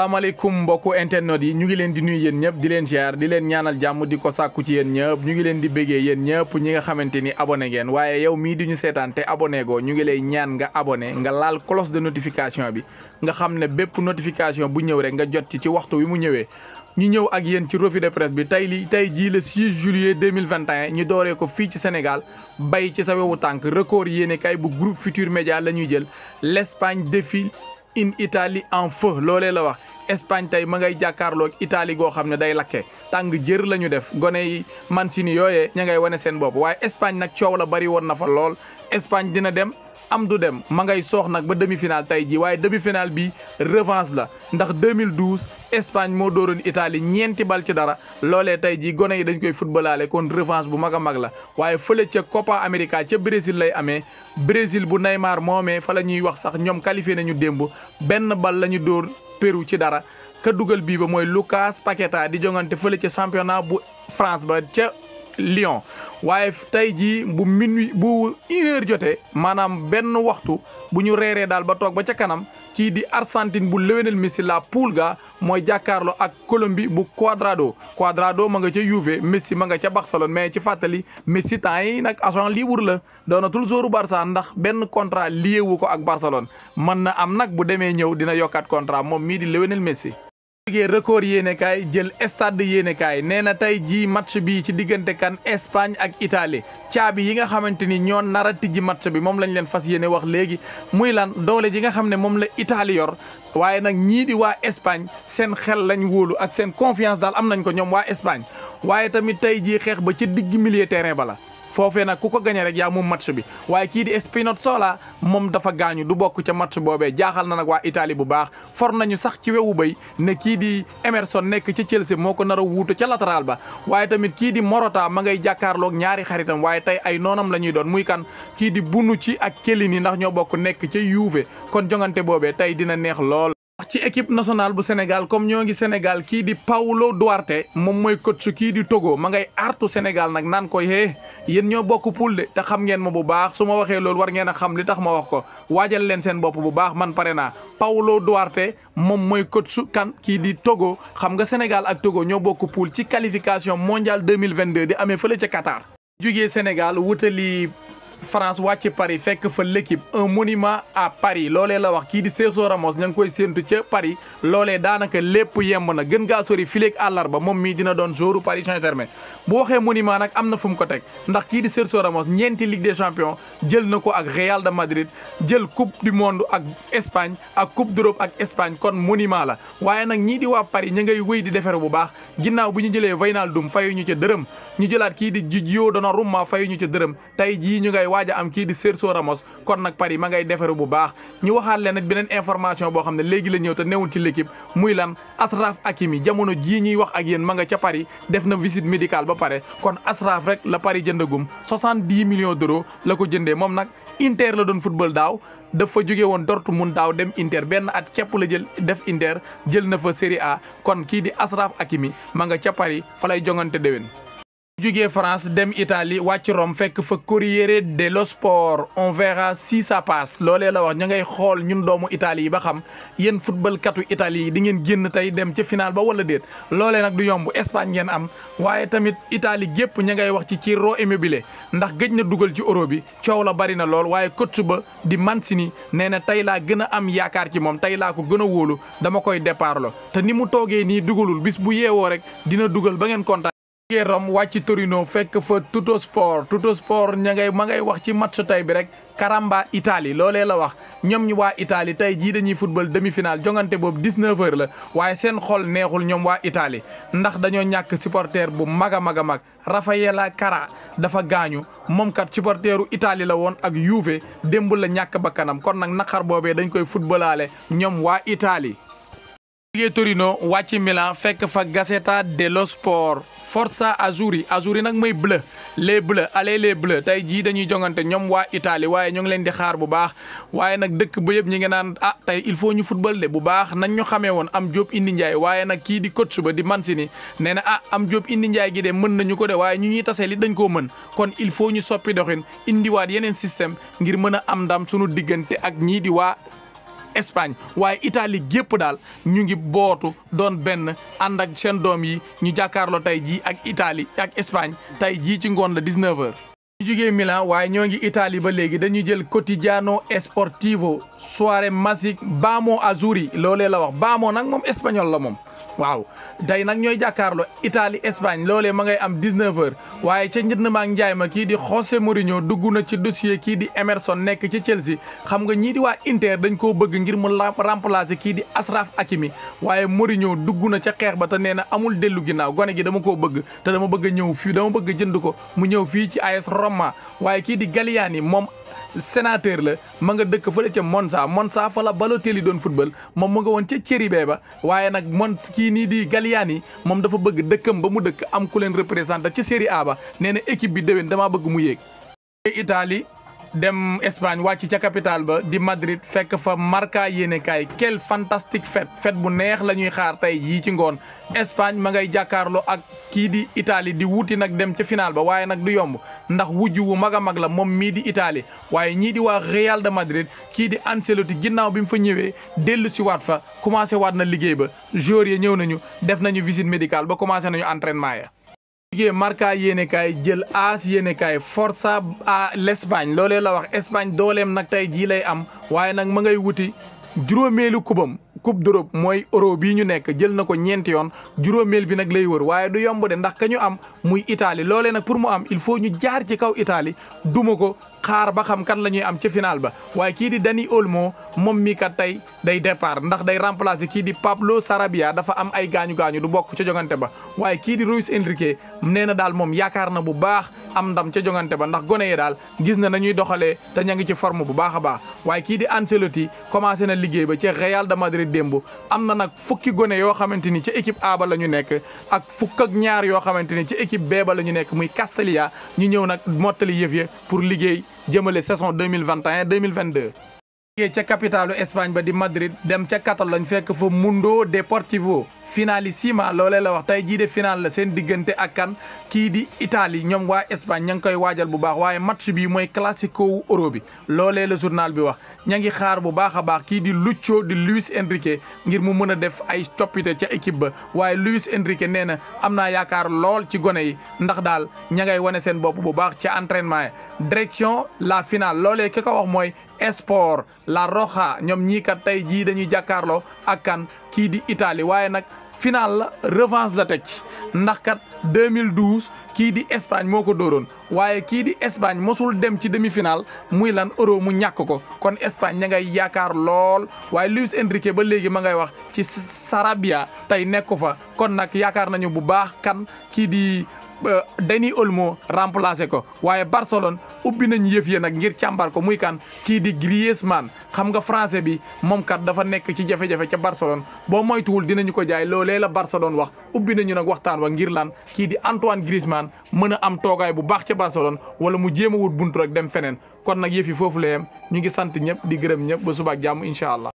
salaamaaleykum mbokku internet yi ñu ngi leen di nuyu yéen ñëpp di leen ziar di leen ñaanal jàmm di ko sàkku ci yéen ñëpp ñu ngi leen di béggee yéen ñëpp ñi nga xamante ni abone ngeen waaye yow mii di ñu seetaan te abonné goo ñu ngi lay ñaan nga abonné nga laal cloche de notification bi nga xam ne bépp notification bu ñëw rek nga jot ci ci waxtu wi mu ñëwee ñu ñëw ak yéen ci rofi de presse bi tey li tey jii le 6 juillet 2021 ñu dooree ko fii ci Sénégal bay ci sa wewu tànk record yéene kay bu groupe Futur Média la ñuy jël l'Espagne défile in Italie en feu loolee la wax Espagne tey ma ngay jàkkaarloog Italie goo xam ne day lakke tàng jër la ñu def gone yi Mancini yooyee ña ngay wane seen bopp waaye Espagne nag coow la bari woon na fa lool Espagne dina dem. am du dem ma ngay soox nag ba demi-finale tey jii waaye demi-finale bi revanche la ndax 2012 Espagne moo dooroon itali ñeenti bal ci dara loolee tey jii gone yi dañ koy footballaale kon revanche bu mag a mag la waaye fële ca Copa América ca Brésil lay amee Brésil bu Neymar moomee fa la ñuy wax sax ñoom qualifié nañu démb benn bal la ñu dóor Pérou ci dara ka dugal bii ba mooy Lucas Paqueta di jongante fële ca championnat bu France ba ca Lyon waaye tey jii bu minuit bu une jotee maanaam benn waxtu bu ñu reeree daal ba toog ba ca kanam kii di Argentine bu Lionel Messi la Pulga mooy jàkkaarloo ak Colombie bu Cuadrado Cuadrado ma nga ca Juve Messi ma nga ca Barcelone mais ci fàttali Messi temps yi nag lii libre la doonatul joueur Barça ndax benn contrat lié wu ko ak Barcelone mën na am nag bu demee ñëw dina yokkaat contrat moom mii di Lionel Messi. jógee record yéene kaay jël estade yéene kaay nee na tey jii match bi ci diggante kan Espagne ak Italie caabi yi nga xamante ni ñoo nara a tijji match bi moom lañ leen fas yéene wax léegi muy lan doole ji nga xam ne moom la Italie yor waaye nag ñii waa Espagne seen xel lañ wóolu ak seen confiance daal am nañ ko ñoom waa Espagne waaye tamit tey jii xeex ba ci digg milieu terrain ba la foofee nag ku ko gañe rek yaa moom match bi waaye kii di Spinazzola moom dafa gaañu du bokk ca match boobee jaaxal na nag waa Italie bu baax for nañu sax ci wewu bay ne kii di Emerson nekk ca Chelsea moo ko nar a wuutu ca latéral ba waaye tamit kii di Morata ma ngay jàkkaarlook ñaari xaritam waaye tey ay noonam la ñuy doon muy kan kii di ci ak Chiellini ndax ñoo bokk nekk ca Juve kon jongante boobee tey dina neex lool ci équipe nationale bu Sénégal comme ñoo ngi Sénégal kii di Paulo Duarte moom mooy su kii di Togo ma ngay artu Sénégal nag naan koy hee yéen ñoo bokk poule de te xam ngeen ma bu baax su ma waxee loolu war ngeen a xam li tax ma wax ko waajal leen seen bopp bu baax man pare naa Paulo Duarte moom mooy su kan kii di Togo xam nga Sénégal ak Togo ñoo bokk poule ci qualification mondiale 2022 di amee fële ca Qatar. jugee Sénégal wutali France wàcc Paris fekk fa l'équipe un monument à Paris loolee la wax kii di Sergio mos ña ngi koy séentu ca Paris loolee daanaka lépp yemb na gën gaa sori fileeg àllarba moom mii dina doon jouru Paris Saint-Germain bu waxee monument nag am na fu mu ko teg ndax kii di Sergio Ramos ñeenti Ligue des Champions jël na ko ak Real de Madrid jël coupe du monde ak Espagne ak coupe d'Europe ak Espagne kon monument la waaye nag ñii di waa Paris ña ngay wéy di defere bu baax ginnaaw bu ñu jëlee Wijnaldum fayu ñu ca dërëm ñu jëlaat kii di Gigio Donnarumma fayu ñu ca dërëm waaj am kii di Sergio Ramos kon nag Paris ma ngay defaru bu baax ñu waxaat leen nag beneen information boo xam ne léegi la ñëw te newul ci l'équipe muy lan Asraf akimi jamono jii ñuy wax ak yéen ma nga ca Paris def na visite médical ba pare kon Asraf rek la Paris jëndagum 70 millions d'euros la ko jëndee moom nag Inter la doon football daaw dafa jóge woon mun daaw dem Inter benn at képp la jël def Inter jël na fa Serie A kon kii di Asraf Hakimi ma nga ca Paris fa lay jongante déwén jóge France dem Italie wàcc Rome fekk fa Corriere dello Sport on verra si ça passe loolee la wax ñu ngay xool ñun doomu Italie yi ba xam yéen futbalkatu itali yi di ngeen génn tey dem ca final ba wala déet loolee nag du yomb Espagne ngeen am waaye tamit itali gépp ña ngay wax ci Ciro Immobile ndax gëj na dugal ci euro bi coow la bari na lool waaye coach ba di Mancini nee na tey laa gën a am yaakaar ci moom tey laa ko gën a wóolu dama koy départ te ni mu toogee nii dugalul bis bu yeewoo rek dina dugal ba ngeen kontaan ge Rome wàcc Torino fekk fa Tuttosport Tuttosport ña ngay ma ngay wax ci match tey bi rek Karamba Italie loole la wax ñoom ñu waa Italie tey jii dañuy football demi-finale jongante boobu 19h la waaye seen xol neexul ñoom waa Italie ndax dañoo ñàkk supporter bu mag a mag a mag Raffaella Cara dafa gaañu moom kat supporteru itali la woon ak Juve démb la ñàkk bakkanam kon nag naqar boobee dañ koy footballaale ñoom waa Italie jógee Torino wàcc Milan fekk fa Gazzetta dello Sport Forza Azzurri Azzurri nag mooy bleu les bleus allez les bleus tey jii dañuy jongante ñoom waa itali waaye ñoo ngi leen di xaar bu baax waaye nag dëkk ba yëpp ñi ngi naan ah tey il faut ñu football de bu baax nañ ñu xamee woon am Diop indi Ndiaye waaye nag kii di coach suba di si ni na ah am Diop indi Ndiaye gi de mën nañu ko de waaye ñu ñuy tasee li dañ koo mën kon il faut ñu soppi doxin indiwaat yeneen système ngir mën a am ndam sunu diggante ak ñii di waa Espagne waaye Italie gépp daal ñu ngi bootu doon benn ànd ak seen doom yi ñu jàkkaarloo tey jii ak itali ak Espagne tey jii ci ngoon la 19h. ñu jógee Milan waaye ñoo ngi itali ba léegi dañuy jël Quotidiano Sportivo Soirée Magique Bamo Azzurri loolee la wax Bamo nag moom español la moom. waaw tey nag ñooy jàkkaarloo Italie Espagne loolee ma ngay am 19h waaye ca njënd ma njaay ma kii di José Mourinho dugg na ci dossier kii di Emerson nekk ci Chelsea xam nga ñii di waa Inter dañ koo bëgg ngir mu remplacer kii di Asraf Hakimi waaye Mourinho dugg na ca xeex ba ta nee na amul dellu ginnaaw gone gi dama koo bëgg te dama bëgg a ñëw fii dama bëgg a jënd ko mu ñëw fii ci AS Roma waaye kii di Galliani moom sénateur la ma nga dëkk fële ca Monza Monza fa la Balotelli doon football moom mu nga woon ca Chéribé ba waaye nag mon kii nii di Galliani moom dafa bëgg dëkkam ba mu dëkk am ku leen représenté ca Serie A ba nee na équipe bi déwén damaa bëgg mu yéeg. Italie dem Espagne wàcc ca capitale ba di Madrid fekk fa Marca yéenekaay quelle fantastique fête fête bu neex la ñuy xaar tey yii ci ngoon Espagne ma ngay jàkkaarloo ak kii di Italie di wuti nag dem ca final ba waaye nag du yomb ndax wujju wu mag a mag la moom mii di Italie waaye ñii di waa Real de Madrid kii di Ancelotti ginnaaw bi mu fa ñëwee dellu si waat fa commencé waat na liggéey ba joueurs yi ñëw nañu def nañu visite médical ba commencé nañu entraînement ya jugee Marca yéenekaay jël AS yéenekaay Forza à l'Espagne loolee la wax Espagne dooleem nag tey jii lay am waaye nag ma ngay wuti juróomeelu kubam coupe d'Europe mooy euro bii ñu nekk jël na ko ñeenti yoon juróomeel bi nag lay wër waaye du yomb de ndax ka ñu am muy Italie loolee nag pour mu am il faut ñu jaar ci kaw itaali duma ko xaar ba xam kan la ñuy am ci final ba waaye kii di Dani Olmo moom mi kat tey day départ ndax day remplacer kii di Pablo Sarabia dafa am ay gaañu gaañu du bokk ca jongante ba waaye kii di Luis Enrique neena daal moom yaakaar na bu baax am ndam ca jongante ba ndax gone yi daal gis na nañuy doxalee te ña ngi ci forme bu baax a baax waaye kii di Ancelotti commencé na liggéey ba ca Real de Madrid démb am na nag fukki gone yoo xamante ni ca équipe A ba la ñu nekk ak fukk ñaar yoo xamante ni ci équipe B ba la ñu nekk muy Castilla ñu ñëw nag mottali yëf ya pour liggéey jëmale saison 2021 2022 ca capitalu Espagne ba di Madrid dem ca Catalogne fekk fa Mundo Deportivo finalissima loolee la wax tey jii de final la seen diggante ak kan kii di Italie ñoom waa Espagne ña ngi koy waajal bu baax waaye match bi mooy classico wu euro bi loolee la journal bi wax ña ngi xaar bu baax a baax kii di Lucho di Luis Enrique ngir mu mën a def ay coppite ca équipe ba waaye Luis Enrique nee na am naa yaakaar lool ci gone yi ndax daal ña ngay wane seen bopp bu baax ci entraînement yi direction la final loolee ki ko wax mooy Esport La Roja ñoom ñii kat tey jii dañuy jàkkaarloo ak kii di Italie waaye nag final la revanche la teg ndaxkat ndax kat 2012 kii di Espagne moo ko dóoroon waaye kii di Espagne mosul dem ci demi-finale muy lan euro mu ñàkk ko kon Espagne ña ngay yaakaar lool waaye Luis Enrique ba léegi ma ngay wax ci Sarabia tey nekku fa kon nag yaakaar nañu bu baax kan kii di. Euh, Dani Olmo remplacé ko waaye Barcelone ubbi nañ yëf yi nag ngir càmbar ko muy kan kii di Griezmann xam nga français bi moom kat dafa nekk ci jafe-jafe ca Barcelone boo moytuwul dinañu ko jaay loolee la Barcelone wax ubbi nañu nag waxtaan wa ngir lan kii di Antoine Griezmann mën a am toogaay bu baax ca Barcelone wala mu jéem a wut buntu rek dem feneen kon nag yëf yi foofu la ñu ngi sant ñëpp di gërëm ñëpp ba subaak jàmm incha allah.